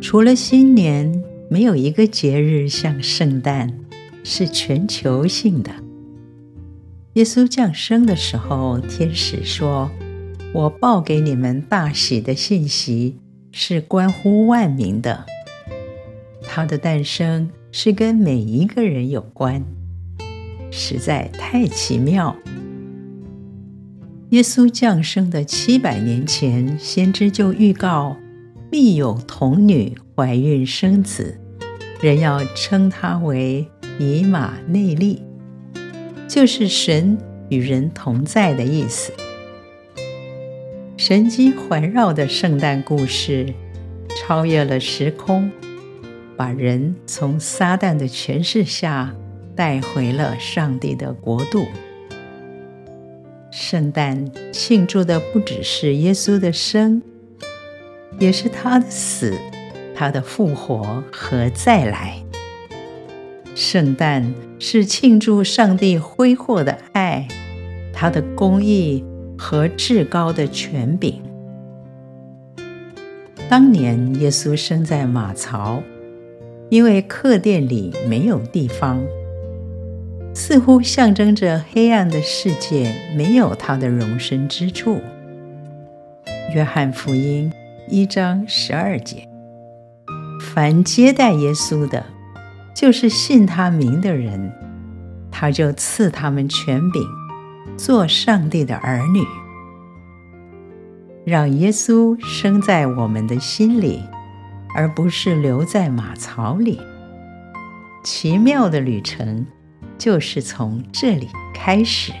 除了新年，沒有一個節日像聖誕是全球性的。耶穌降生的時候，天使說：“我報給你們大喜的信息，是關乎萬民的。”他的誕生是跟每一個人有關，實在太奇妙。耶穌降生的七百年前，先知就預告。必有童女懷孕生子，人要稱他為以馬內利，就是神與人同在的意思。神蹟環繞的聖誕故事超越了時空，把人從撒旦的權勢下帶回了上帝的國度。聖誕慶祝的不只是耶穌的生。也是他的死，他的復活和再來。聖誕是慶祝上帝揮霍的愛，他的公義和至高的權柄。當年耶穌生在馬槽，因為客店裡沒有地方，似乎象徵着黑暗的世界沒有他的容身之處。約翰福音。一章十二節，凡接待耶穌的，就是信他名的人，他就賜他們權柄，做上帝的兒女。讓耶穌生在我們的心裡，而不是留在馬槽裡。奇妙的旅程就是從這裡開始。